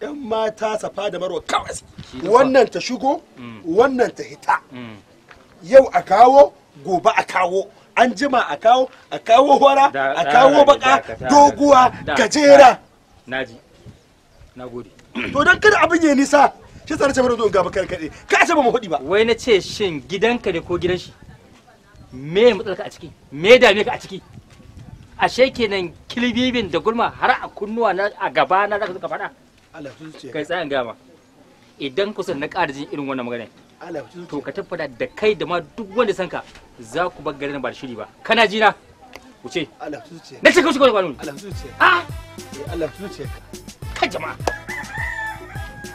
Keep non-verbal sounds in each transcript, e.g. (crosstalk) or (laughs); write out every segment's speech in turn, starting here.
'yan mata safa da marwa kawai wannan ta shigo mm. wannan ta hita mm. yau a kawo gobe a kawo an jima a kawo a kawo hora a kawo baka doguwa gajera naji na gode to don kada abin ya nisa shi tsara ce mana ga bakar kaɗe ka ce ba mu ba wai na ce shin gidanka ne ko gidan shi me matsalaka a ciki me dame ka a ciki ashe kenan kilbibin da gulma har a kunnuwa a gaba na zaka faɗa kai tsayan gama idan kusan na ƙara jin irin wannan magana to ka tabbata da kai da ma duk wanda sanka za ku bar garin ba da shiri ba kana jina na wuce na ce ka shiga kwanu ah! eh, ka jama'a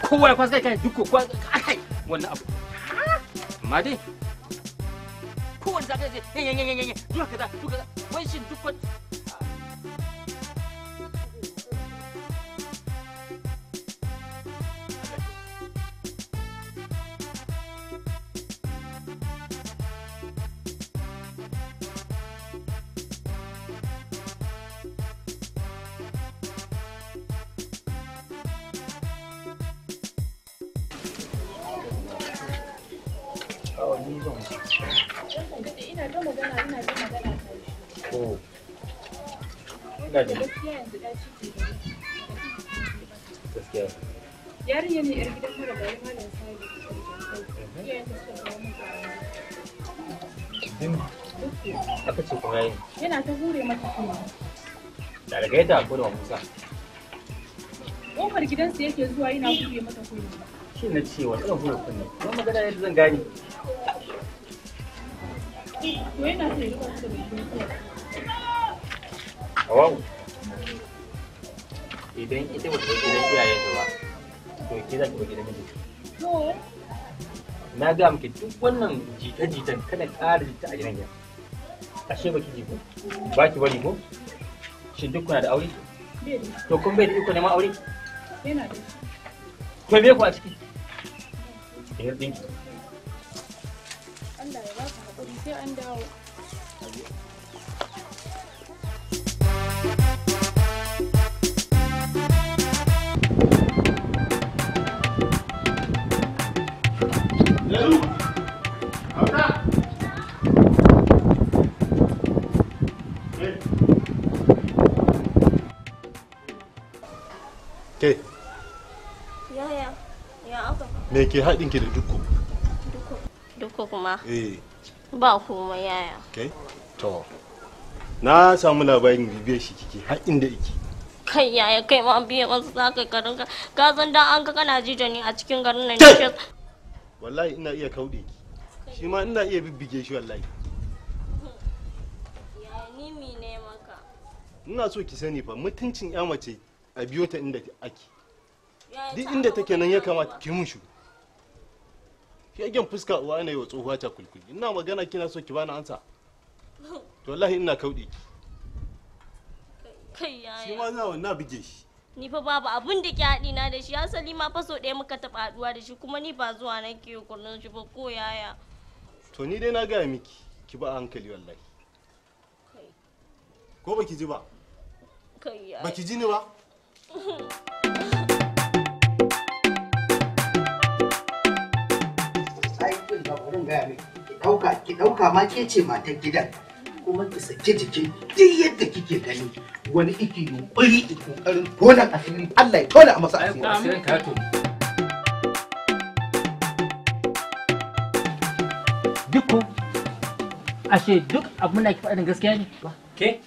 kowa ya kwasa kai duk kowa kai wannan abu amma dai kowanne zaka je yanyan yanyan yanyan duka kaza duka kaza wai shin duk wani aka ce kuma yi yana ta hure mata kuma da daga yadda ko da musa kofar gidansa yake zuwa yana hure mata kuma shi na ce wa tsaron hure kunne kuma magana yadda zan gane to yana ta yi kansa da shi idan ita ba ta gidan iyayen ba to ke za ki ba gidan miji na ga maka duk wannan jita-jitan kada ƙara jita a gidan ashe baki ji ko ba bari ko shin duk kuna da aure to kun bai da iko neman aure yana da to me ku a ciki eh din Allah ya ba ku hakuri sai an dawo me ke haɗin ki da dukko dukko kuma eh ba kuma yaya kai to na samu labarin bibiyar shi kike haɗin da iki kai yaya kai ma biye masu zaka ka ka san dan an ga kana jijo ne a cikin garin nan ne wallahi ina iya kauɗe ki shi ma ina iya bibbige shi wallahi ina so ki sani fa mutuncin ya mace a biyo ta inda ake duk inda take nan ya kamata ki mun shigo shagen fuska uwa ne wa tsohuwa ta kulkuli ina magana kina so ki bani ansa to wallahi ina kauɗe ki kai yaya shi ma na na bige shi ni fa babu abin da ke haɗi na da shi asali ma fa so ɗaya muka taɓa haɗuwa da shi kuma ni ba zuwa na ke kullun shi ba ko yaya to ni dai na gaya miki ki ba hankali wallahi ko baki ji ba kai yaya baki ji ni ba (laughs) ɗauka ki ɗauka ma ke ce matan gidan kuma ki sake jikin duk yadda kike gani wani iki yunƙuri ki kokarin tonan asiri Allah ya tona a masa asiri asirin ka to dukku ashe duk abin da ki faɗin gaskiya ne ke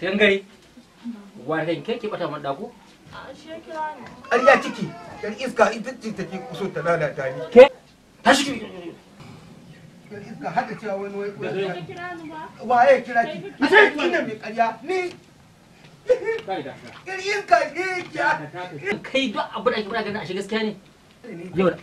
tangare wannan ke ki bata mun dako ƙarya ciki yar iska ita ce take kuso ta lalata ni ke tashi ka hada cewa wani wai kula kira ni ba waye kira ki sai kina mai ƙarya ni irin ka ne kai ba abu da ganin a shi gaskiya ne yau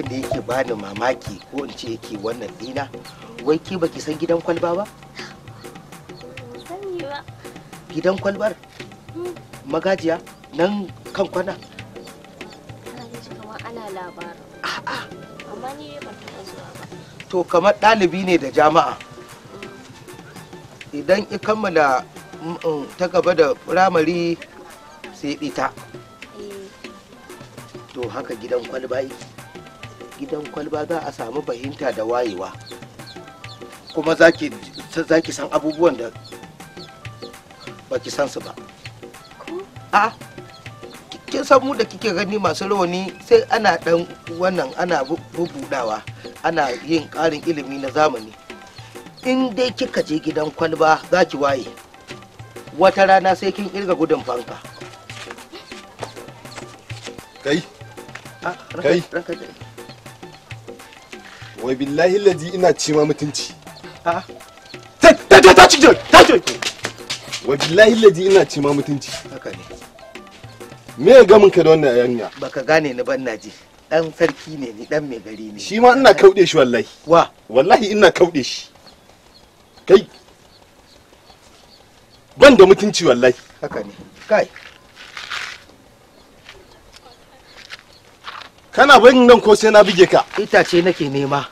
abin da yake bani mamaki ko in ce yake wannan dina wai ki baki san gidan kwalba ba gidan kwalbar hmm. magajiya nan kan kwana to kamar ɗalibi ne da jama'a hmm. idan i kammala mm, mm, ta gaba da firamare sai ita eh. to haka gidan kwalba yi gidan kwalba za a samu fahimta da wayewa kuma za ki san abubuwan da ba ki san su ba a kin san mu da kike gani masu rawani sai ana dan wannan ana rubudawa ana yin karin ilimi na zamani in dai kika je gidan kwalba za ki waye wata rana sai kin irga gudun fanka kai kai wai billahi laji ina ci ma mutunci ta ta ta ci ta ci wai billahi laji ina ci ma mutunci haka ne me ya gamin ka da wannan yanya baka gane ni ban naji dan sarki ne ni dan mai gari ne shi ma ina kaude shi wallahi wa wallahi ina kaude shi kai ban da mutunci wallahi haka ne kai kana bayin nan ko sai na buge ka itace nake nema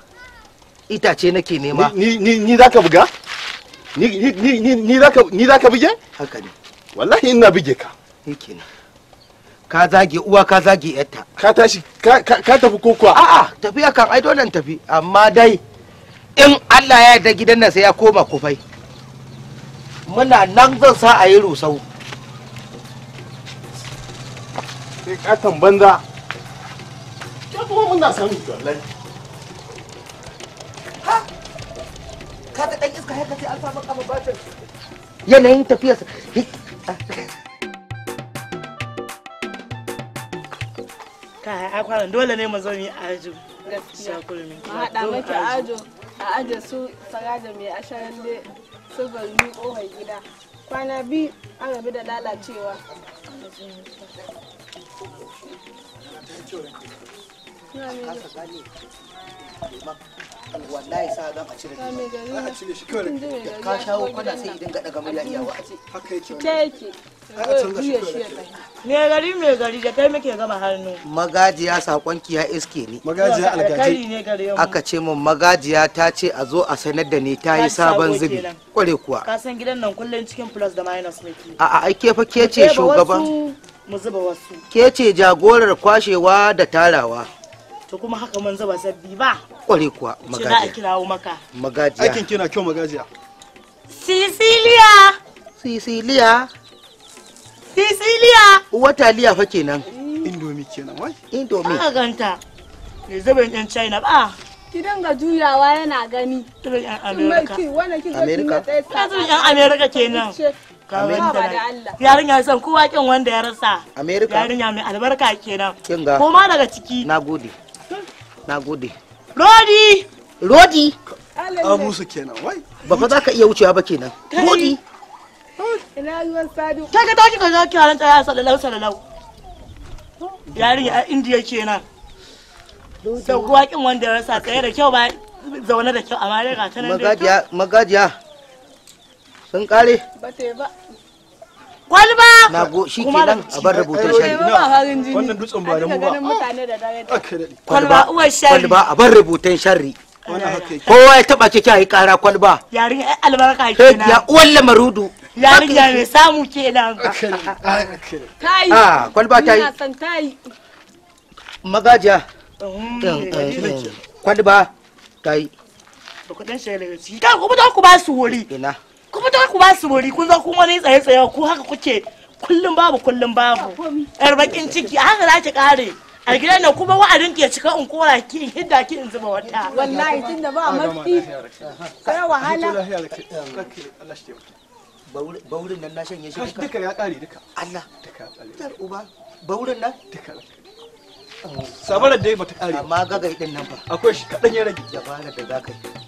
itace nake nema ni ni ni zaka buga ni ni ni ni zaka ni zaka buge haka ne wallahi ina buge ka kenan ka zage uwa ka zage yarta ka tashi ka tafi ko kuwa a'a tafi akan ai dole tafi amma dai in Allah ya yarda gidan nan sai ya koma kufai muna nan zan sa a yi rusau sai katon banza ka kuma muna sani wallahi ha ka ta dan iska haka sai alfa maka mabatan yanayin tafiyarsa ah, kai akwaran dole ne mu zo mu ajo gaskiya kulmi ma hada maki ajo a ajo su saraja mai asharan da su galmi kohar gida kwana biyu an rabu da lalacewa wallahi sa zan a cire a cire shi kawai da ka shawo kwana sai idan ga daga haka yake ta yake me gari me gari da kai muke hannu magajiya sakonki ya iske ni magajiya algaji aka ce min magajiya ta ce a zo a sanar da ni ta yi sabon zubi kware kuwa ka san gidan nan cikin plus da minus a a ke fa kece shugaban mu zuba wasu kece jagorar kwashewa da tarawa to kuma haka man zaba sabbi ba kware kuwa magajiya a kirawo maka magajiya aikin kina kyau magajiya Sicilia Sicilia Sicilia wata liya fa kenan indomi kenan wai indomi a ganta ne zaben yan china ba ki dinga juyawa yana gani turin yan america amerika yan amerika kenan yarinya san kowa kin wanda ya rasa america yarinya mai albarka kenan ko ma daga ciki na gode. na gode rodi rodi abusu kenan wai ba fa za ka iya wucewa ba kenan rodi ina ruwan sadu kai ka tashi ka zo kiran tsaya salalau salalau a indiya kenan da guwakin wanda ya sa tsaye da kyau ba zaune da kyau amma dai ga ta nan magajiya magajiya sun kare ba te ba kwalba na go shi ke a ba da mu ba kwalba shari kwalba a bar ya taba ki kai kara kwalba yarin ya uwar lamarudu yarin ya mai samu kenan kai ah ku ba wuri kuma ta ku ba su wuri kun zo ku wani tsaye tsaye ku haka kuke kullum babu kullum babu yar bakin ciki haka za ki kare a gidan nan kuma wa'adin ke cika in kora ki hidda ki in zuba wata wallahi tunda ba mafi sai wahala baurin nan na shanye shi duka ya kare duka Allah duka dar uba baurin nan duka da dai bata kare amma gagai din nan ba akwai shi kadan ya rage dabarar da zaka yi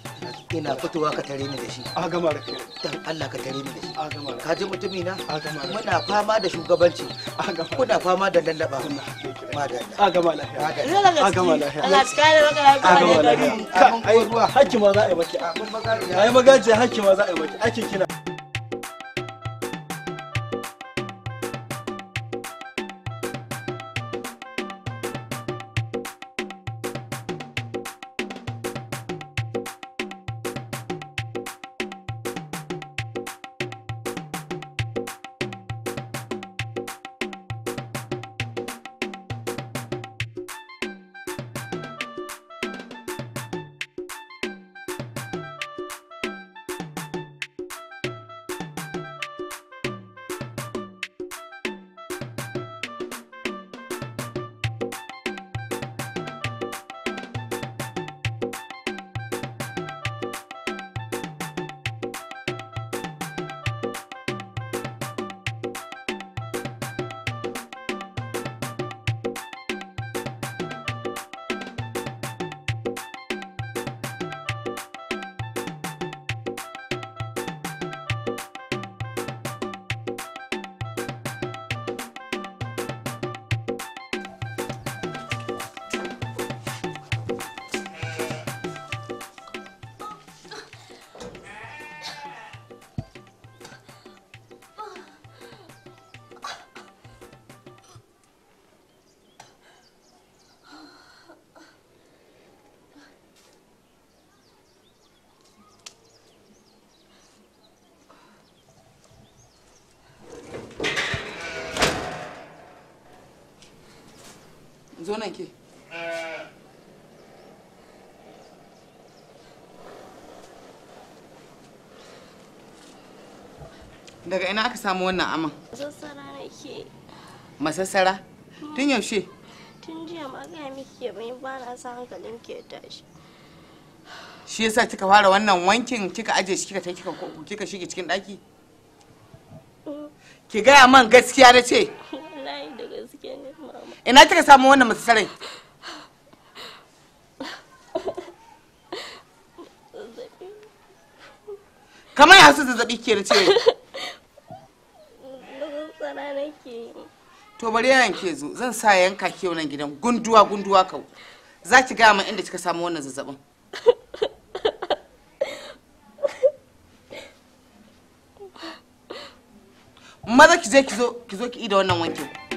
ina fitowa ka tare ni da shi a gama da ke. dan Allah ka tare ni da shi a gama ke. ji mutumi na a gama muna fama da shugabanci a gama kuna fama da lallaba madalla a gama lafiya a gama lafiya Allah ka kare maka lafiya a gama lafiya ai ruwa hakki ma za a yi maki a kun magaji ai magaji hakki ma za a yi maki ake kina zo nan ke daga ina aka samu wannan aman masassara nake masassara tun yaushe tun jiya ma ga miki bai ba na sa hankalin ke tashi shi yasa kika fara wannan wankin kika aje shi kika ta kika kika shige cikin daki mm. ki gaya man gaskiya da ce (laughs) ina kika samu wannan masarai kamar ya su zazzabi ke da cewa to bari yana ke zo zan sa yanka ke wannan gidan gunduwa gunduwa kau za ki gaya min inda kika samu wannan zazzabin maza ki je ki zo ki ida wannan wankin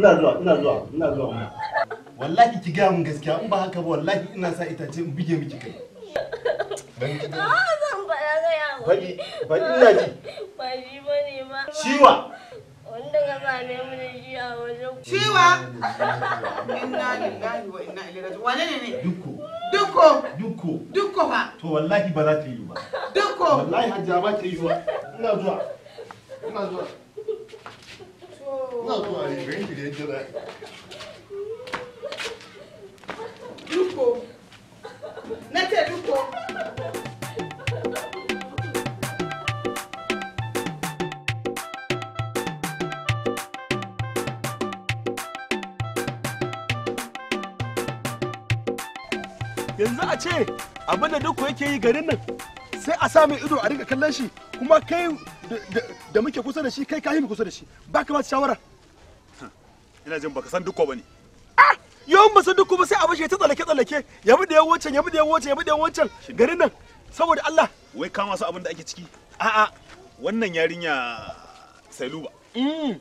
ina zuwa ina zuwa ina zuwa wallahi ki ga mun gaskiya in ba haka ba wallahi ina sa itace in bige miki kai ban ki ah, zan ba ya ga yawo faɗi faɗi ina ji ba shi ba ne ba shiwa wanda ga same mu da shi a wajen ciwa inna lillahi wa inna ilaihi raji'un wane ne ne dukko dukko dukko dukko fa to wallahi ba za ta yi ba dukko wallahi hajja ta yi ba ina zuwa ina zuwa yanzu a ce abinda duko yake yi garin nan sai a sa mai ido a riga kallon shi kuma kai da muke kusa da shi kai kayi mu kusa da shi ba ka ba shawara ina jin baka san duko bane ah yawan ba san duko ba sai a bashe ta tsalake tsalake ya bi da yan wancan ya bi da yan wancan ya bi da yan wancan garin nan saboda Allah wai ka su abin da ake ciki a'a wannan yarinya mm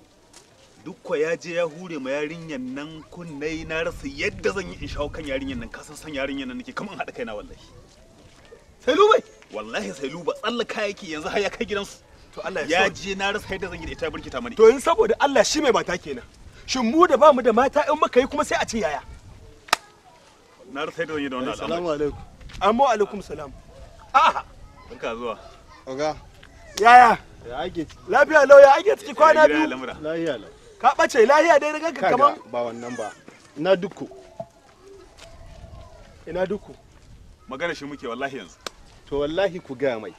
duko ya je ya hure ma yarinyan nan kunnai na rasa yadda zan yi in shawo kan yarinyan nan kasan san yarinyan nan nake kaman haɗa kaina wallahi sailubai wallahi sailuba tsallaka yake yanzu har ya kai gidansu to Allah ya ji na rasa yadda zan yi da ita burkita mani to in saboda Allah shi mai bata kenan shin mu da bamu da mata in muka yi kuma sai a ce yaya na rasa da yi da wani alamu alaikum amma alaikum salam aha ka zuwa oga yaya ya ake lafiya lau ya ake ciki kwana biyu lafiya lau ka bace lafiya dai daga ka kaman ba wannan ba ina dukku ina dukku magana shi muke wallahi yanzu to wallahi ku gaya mai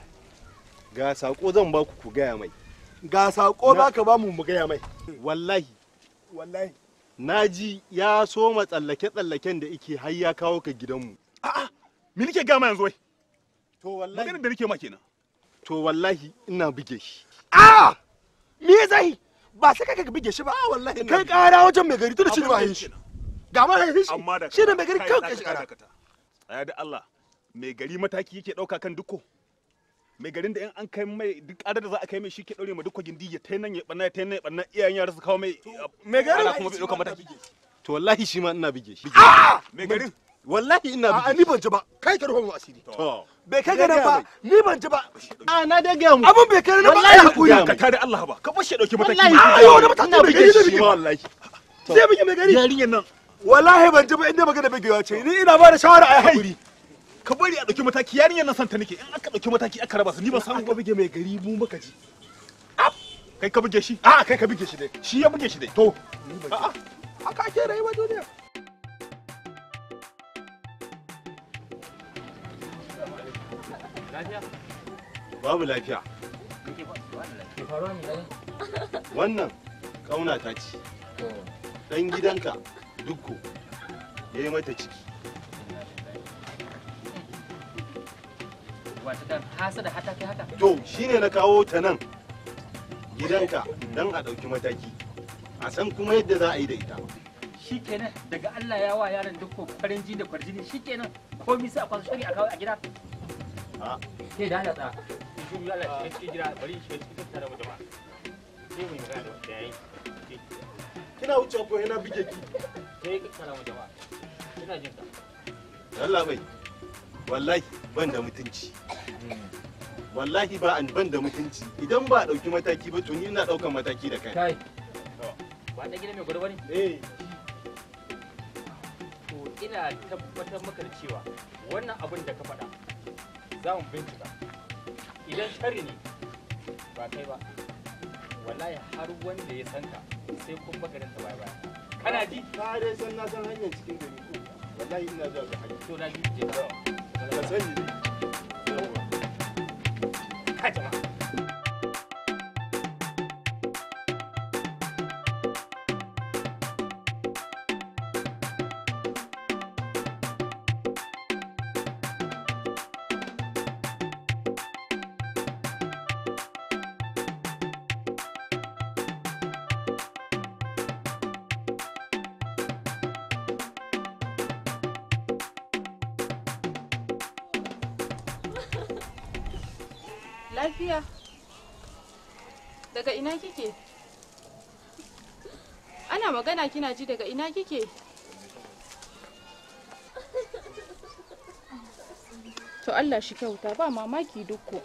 ga sako zan ba ku ku gaya mai ga sako ba ka ba mu mu gaya mai wallahi wallahi naji ya soma tsallake tsallaken da yake har ya kawo ka gidanmu a'a me nake gama yanzu wai to wallahi maganar da nake ma kenan to wallahi ina buge shi a'a me zai ba sai kai ka buge shi ba a wallahi kai kara wajen mai gari tunda shi ba yin shi ga ma yin shi shi ne mai gari kawai ka shi kara tsaya da Allah mai gari mataki yake dauka kan dukko mai garin da in an kai mai duk ƙarar da za a kai mai shi ke ɗaure ma duk kwagin diya ta nan ya ɓanna ta nan ya ɓanna iyayen yara su kawo mai mai garin ana kuma bai ɗauka mata to wallahi shi ma ina bige shi ah! mai garin wallahi ina bige a ni ban ji ba kai ka rufe mu asiri to bai kai garin ba ni ban ji ba a na da ga mu abun bai kai na ba ai hakuri ka tare Allah ba ka bashi ɗauki mataki ayo da mata ina bige shi ma wallahi sai bige mai garin yarinyan nan wallahi ban ji ba inda magana bigewa ce ni ina ba da shawara ai hakuri ka bari a ɗauki mataki yarinyar nan santa nake in aka ɗauki mataki aka raba su ni ba san ba buge mai gari mu muka ji kai ka buge shi a kai ka buge shi dai shi ya buge shi dai to a'a haka ake rayuwa duniya babu lafiya wannan kauna ta ci dan gidanka dukko ya mata ciki ba da haka to shine na kawo ta nan gidanka dan a dauki mataki a san kuma yadda za a yi da ita shikenan daga Allah ya wa yaran duk farin jini da kwarjini shikenan ko sai a kwasa shari a kawo a gida Ha? ke da Allah ta shi Allah shi gida bari shi mu magana da kina wuce ko yana bige ki sai ka tsara mu jama'a Kina jin ta. Allah bai wallahi ban da mutunci wallahi ba an ban da mutunci idan ba a ɗauki mataki ba to ni ina ɗaukan mataki da kai kai ba ta gida mai gwarwa ne eh to ina tabbatar maka da cewa wannan abin da ka faɗa za mu bincika idan shari ne ba kai ba wallahi har wanda ya san ka sai kun baka ta baya baya kana ji ka dai san na san hanyar cikin gari wallahi ina zuwa ga to na ji ka sani 太懂了。Lafiya. Daga ina kike? Ana magana kina ji daga ina kike? To Allah shi kyauta ba mamaki dukku.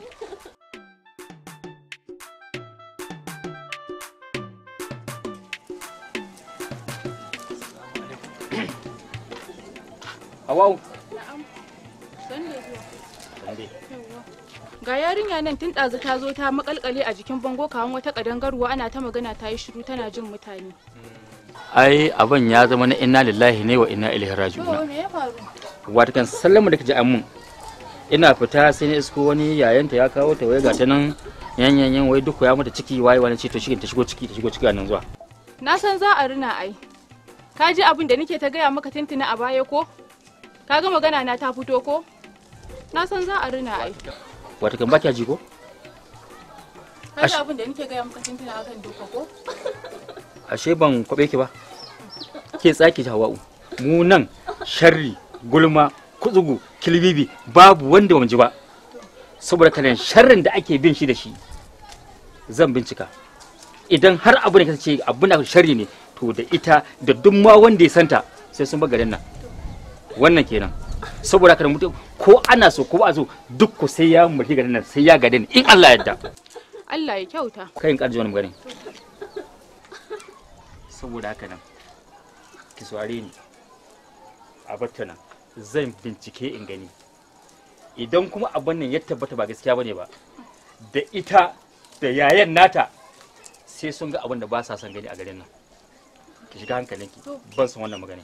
Hawau. Na'am. Sande. Sande. Yawwa. ga yarinya nan tun ɗazu ta zo ta makalkale a jikin bango kawon wata ƙadangarwa ana ta magana ta yi shiru tana jin mutane ai abin ya zama na inna lillahi ne wa inna ilaihi raji'un wata kan sallama da kaji amun ina fita sai na isko wani yayanta ya kawo ta wai ga ta yanyan yanyanyan wai duk ya mata ciki wai wani ce to shi ta shigo ciki ta shigo ciki nan zuwa na san za a rina ai ka ji abin da nake ta gaya maka tuntuna a baya ko ka ga magana na ta fito ko na san za a rina ai wata kan baki ji ko ashe ban kwabe ki ba ke tsaki hawa'u mu nan sharri gulma kutsugu kilbibi babu wanda ba ji ba saboda kalan sharrin da ake bin shi da shi zan bincika idan har abu ne ce abu na sharri ne to da ita da duk wanda ya santa sai sun bar garin nan wannan kenan saboda kada mutu ko ana so ko ba so duk sai ya mulki garin nan sai ya gade ni in Allah ya yarda Allah ya kyauta kai in karji wani magana saboda haka nan ki sware ni a batta nan zan bincike in gani idan kuma abin nan ya tabbata ba gaskiya bane ba da ita da yayan nata sai sun ga abin da ba sa son gani a garin nan ki shiga hankalinki ban san wannan magana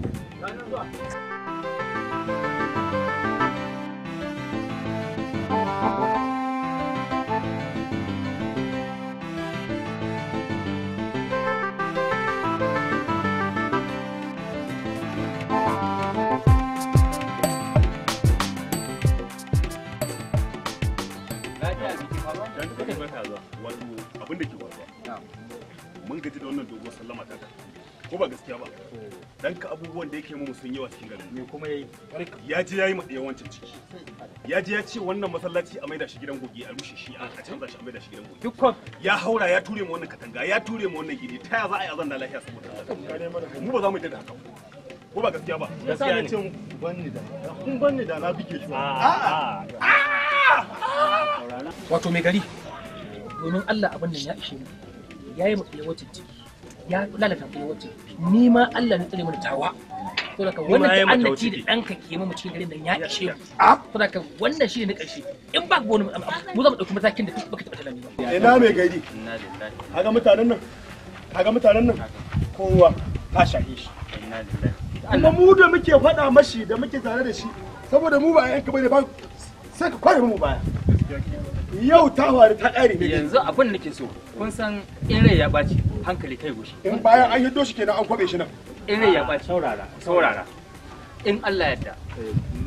ke mun gaji da wannan dogon sallama ta ko ba gaskiya ba dan ka abubuwan da yake mu sun wa cikin garin me kuma yayi ya ji yayi mu yawancin ciki ya je ya ce wannan masallaci a maida shi gidan goge a rushe shi a canza shi a maida shi gidan goge dukkan ya haura ya ture mu wannan katanga ya ture mu wannan gini ta ya za a yi azan da lafiya saboda mu ba za mu yi da haka ko ba gaskiya ba gaskiya ne cin banni da kun banni da na bige shi a wato mai gari domin Allah abin nan ya ishe mu yayi mu yawancin ciki ya lalata kuma wacce ni ma Allah ne tsare mana tawa to da wannan Allah annaci da danka ke mu cikin garin nan ya ishe mu to da wannan shi ne na karshe in ba gona mu za mu dauki matakin da kuka taba tunani eh na mai gari kaga mutanen nan kaga mutanen nan kowa ka shahi shi amma mu da muke faɗa mashi da muke tare da shi saboda mu ba yanka bane ba sai ka kware mu baya yau ta faru ta ƙare ne yanzu abin nake so kun san in rai ya ɓaci hankali kai goshi in bayan an hiddo shi kenan an kwabe shi nan in eh, rai ya baci saurara saurara in Allah yadda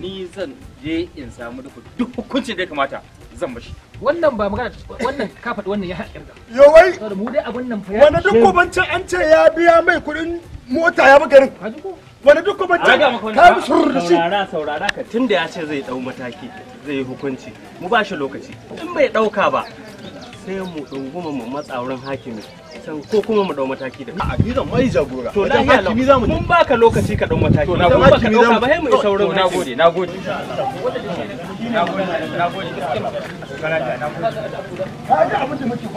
ni zan je in samu duk duk hukuncin da ya kamata zan bashi. wannan ba magana wannan ka wannan ya haƙƙin ka yo wai mu dai a wannan fa wani duk kubancin an ce ya biya mai kuɗin mota ya bi garin wani duk kubancin ka bi surur da shi saurara saurara ka tunda ya ce zai dau mataki zai yi hukunci mu ba shi lokaci in bai ɗauka ba sai mu dunguma mu matsa wurin hakimi san ko kuma mu dau mataki da a ni zan mai jagora to da hakimi za mu mun baka lokaci ka dau mataki to na gode hakimi za mu ba mu isa wurin nagode nagode nagode nagode kaga abin da muke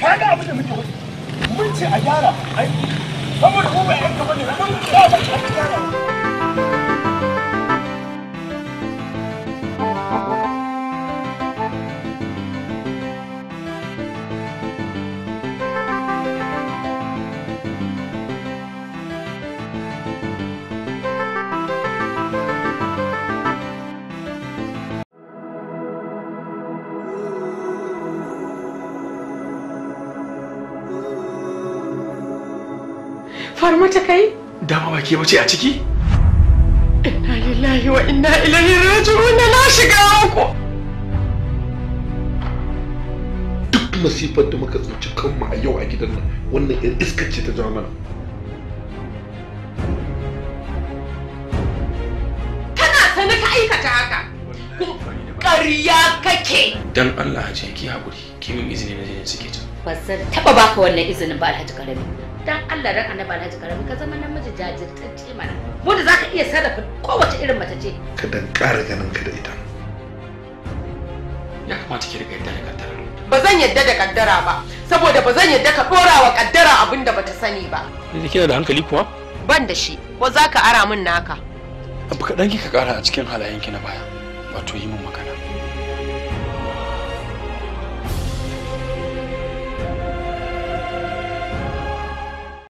kaga abin da muke mun ce a gyara ai saboda mu ba yanka bane mun ba ta kai? Dama ba ke wuce a ciki? Inna lillahi wa inna ilaihi raji'un na shiga uku. Duk masifar da muka tsinci kanmu a yau a gidan nan wannan yar iskar ce ta jawo mana. Kana sani ka aikata haka? Ƙarya kake. Dan Allah ce ki haƙuri, ki min izini na je suke ta. Ba zan taɓa baka wannan izinin ba Alhaji Karami. dan Allah ran annabi Alhaji Karami ka zama namiji jajirtacce mana da zaka iya sarrafa kowace irin mace ce ka dan ƙara ganin ka da ita ya kamata ki riga yadda da kaddara ba zan yadda da kaddara ba saboda ba zan yadda ka dora wa kaddara abin da bata sani ba ni kina da hankali kuwa ban da shi ko zaka ara min naka abu kaɗan kika ƙara a cikin halayenki na baya wato yi min magana